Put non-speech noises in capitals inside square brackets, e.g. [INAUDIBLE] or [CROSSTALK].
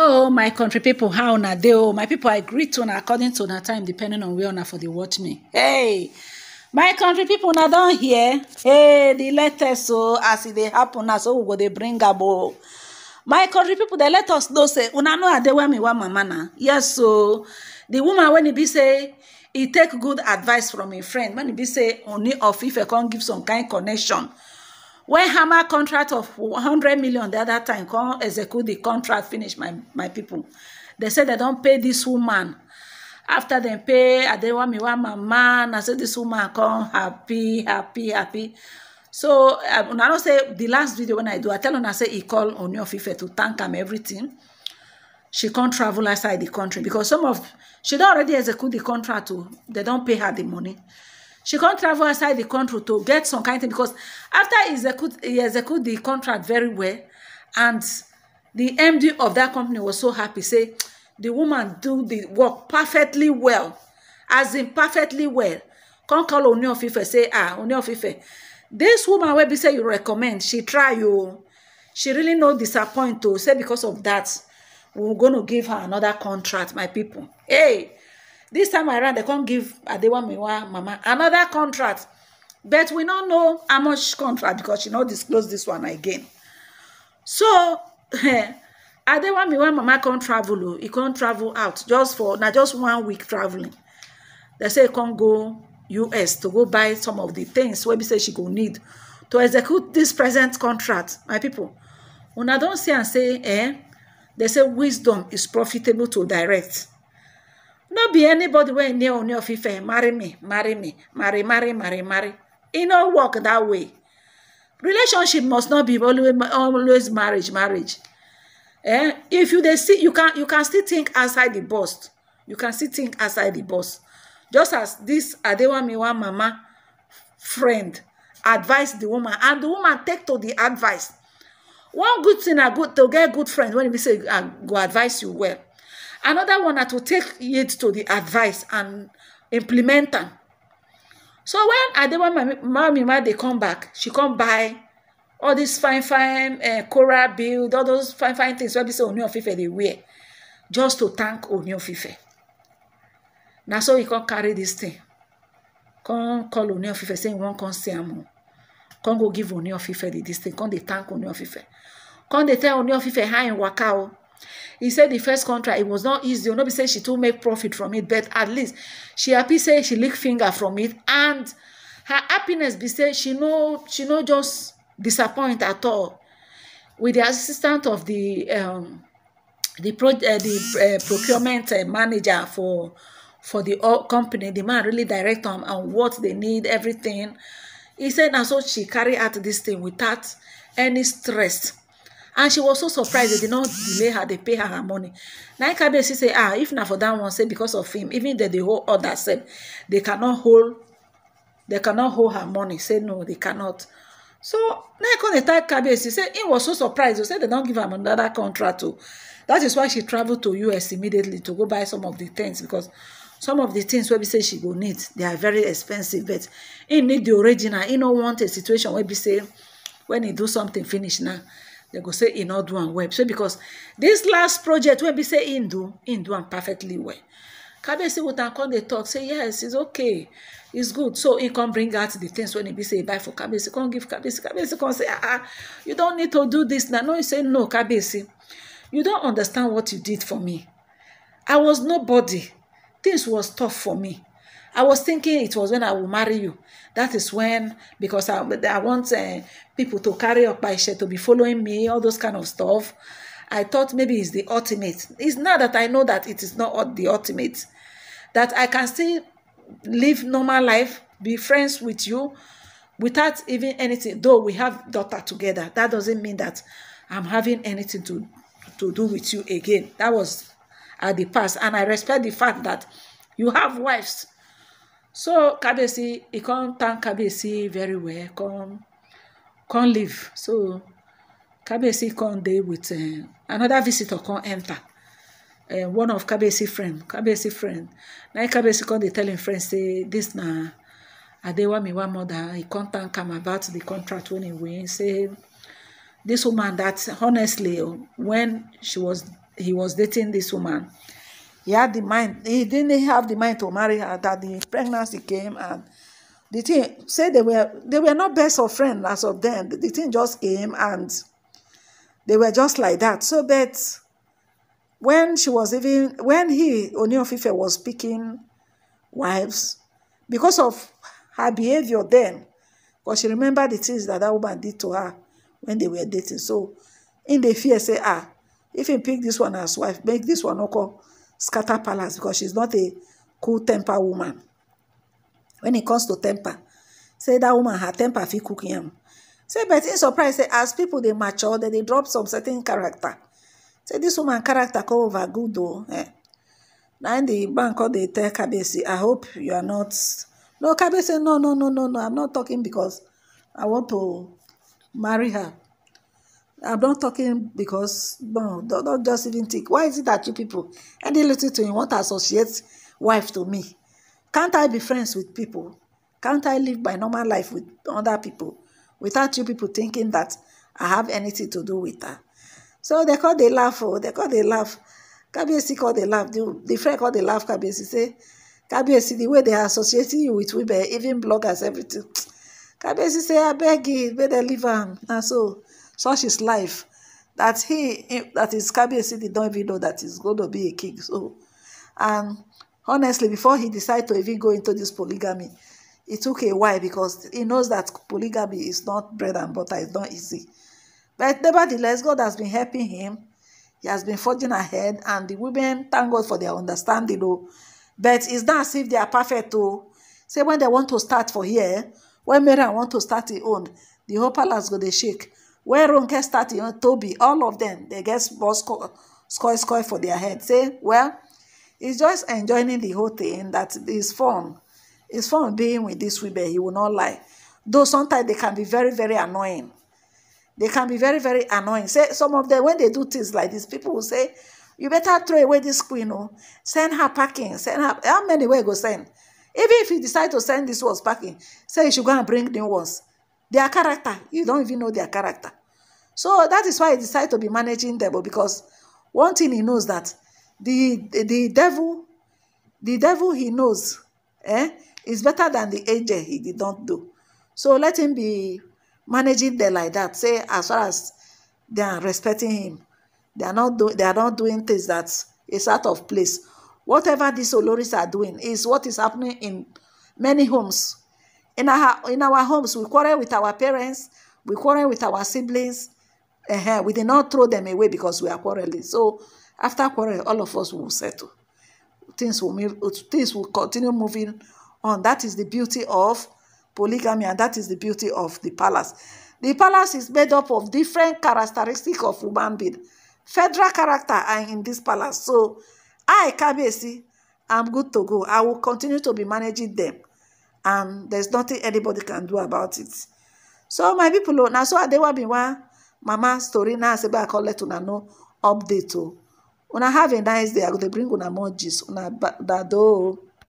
oh my country people, how na they? oh my people, i greet una according to na time depending on where na for the watch me hey my country people, na don here. hey the latest so oh, as e dey happen na so go they bring a o oh. my country people, they let us know say una know adewemi wa mama mana? yes so oh. the woman when he be say he take good advice from a friend When he be say only of can't give some kind connection when hammer contract of 100 million the other time come execute the contract finish my my people they say they don't pay this woman after they pay I want want me my man. I say this woman come happy happy happy so I'm um, not say the last video when i do i tell her I say he call on your onyofife to thank him everything she can't travel outside the country because some of she don't already execute the contract They don't pay her the money she can't travel outside the country to get some kind of thing because after he execute, he execute the contract very well and the md of that company was so happy say the woman do the work perfectly well as in perfectly well come call oni of ife say ah oni of ife this woman wey be say you recommend she try you she really no disappoint to say because of that we're going to give her another contract my people hey this time around they can't give adewamiwa mama another contract but we not know how much contract because she not disclose this one again so [LAUGHS] adewamiwa mama can't travel oh. can't travel out just for now, just one week traveling They say can't go us to go buy some of the things wey be say she go need to execute this present contract my people, when I see not say eh they say wisdom is profitable to direct no be anybody when near Ooni of Ife marry me marry me marry marry marry marry You no work that way relationship must not be always always marriage marriage eh if you they see you can you can still think outside the box you can still think outside the box just as this Adewamiwa mama friend advise the woman and the woman take to the advice one good thing a good to get good friend when they say say uh, go advise you well another one na to take heed to the advice and implement am so when adewa mama dey come back she come buy all these fine fine uh, eh, coral build all those fine fine things wey be say Ooni of Ife dey wear just to thank Ooni of Ife na so he come carry this thing come call Ooni of Ife say he wan come see am o come go give Ooni of the this thing come dey thank Ooni of come dey tell Ooni of how im waka o he said the first contract it was not easy Nobody said she too make profit from it but at least she happy say she lick finger from it and her happiness be say she no she no just disappoint at all with the assistant of the um di uh, uh, procurement uh, manager for for di company the man really direct am on what they need everything He said, na so she carry out this thing without any stress and she was so surprised they did not delay her they pay her her money Now Kabe she say ah if na for that one say because of him even that the whole order said, they cannot hold they cannot hold her money say no they cannot so now na the dey Kabe she say he was so surprised o oh, say they don't give him another contract too. Oh. that is why she traveled to us immediately to go buy some of the things because some of the things where be say she go need they are very expensive but he need the original He no want a situation where be say when he do something finish now They go say in no do am well because this last project when we say in do in do am perfectly well what I call the talk say yes its okay its good so he come bring out the things when he be say buy for kabesi come give kabesi kabesi come say ah, ah you don't need to do this now. no he say no kabesi you don't understand what you did for me i was nobody things was tough for me I was thinking it was when I will marry you. That is when, because I, I want uh, people to carry up my share, to be following me, all those kind of stuff. I thought maybe it's the ultimate. It's not that I know that it is not the ultimate. That I can still live normal life, be friends with you without even anything. Though we have daughter together, that doesn't mean that I'm having anything to, to do with you again. That was at the past. And I respect the fact that you have wives so kábíyèsí he come thank kábíyèsí very well come come leave so kábíyèsí come dey with uh, another visitor come enter uh, one of kábíyèsí friend kábíyèsí friend na kábíyèsí come dey tell im friend say this na adewamiwa mother he come thank am about the contract wey he win say this woman that honestly oh, when she was he was dating this woman he had the mind he didn't have the mind to marry her that the pregnancy came and the thing say they were they were not best of friends as of then the thing just came and they were just like that so that when she was even when he Oni of was picking wives because of her behavior then because she remembered the things that that woman did to her when they were dating so in the fear say ah if he pick this one as wife make this one okay scatter palace because she's not a cool temper woman when it comes to temper say that woman her temper fit cook him. say but in surprise say as people they mature dem they drop some certain character say this woman character come over good though. eh na im di bank come dey tell kabesi i hope you are not no kabesi no no no no no i'm not talking because i want to marry her I'm not talking because, no, don't, don't just even think. Why is it that you people, any little thing, you want to associate wife to me? Can't I be friends with people? Can't I live my normal life with other people without you people thinking that I have anything to do with her? So they call they laugh, oh, they call they laugh. see, call they laugh. The, the friend call they laugh, see, say, see the way they are associating you with women, even bloggers, everything. Kabiyesi say, I beg you, better leave am. And so, such is life. That he, that is Kabir City, don't even know that he's going to be a king. So, and honestly, before he decided to even go into this polygamy, it took a while because he knows that polygamy is not bread and butter, it's not easy. But nevertheless, God has been helping him. He has been forging ahead, and the women thank God for their understanding, though. But it's not as if they are perfect, though. Say when they want to start for here, when Mary want to start it own, the whole palace go to shake. Where ronke start know toby all of them they get boss score score for their head say well he's just enjoying the whole thing that is fun it's fun being with this women he will not lie though sometimes they can be very very annoying they can be very very annoying say some of them when they do things like this, people will say you better throw away this queen oh." send her packing send her how many wey go send even if you decide to send this ones packing say you should go and bring new ones their character you don't even know their character so that is why he decided to be managing devil because one thing he knows that the, the, the devil, the devil he knows eh, is better than the angel he did not do. So let him be managing them like that. Say as far as they are respecting him, they are not doing they are not doing things that is out of place. Whatever these Oloris are doing is what is happening in many homes. In our in our homes, we quarrel with our parents, we quarrel with our siblings, Uh-huh. We did not throw them away because we are quarreling. So after quarrel, all of us will settle. Things will move, things will continue moving on. That is the beauty of polygamy, and that is the beauty of the palace. The palace is made up of different characteristics of human being. Federal character are in this palace. So I, KBC, I'm good to go. I will continue to be managing them. And there's nothing anybody can do about it. So my people, oh, now so Adewa Biwa. mama now naa back call let una no update o oh. una have a nice day i go dey bring una more juice una bado. Oh.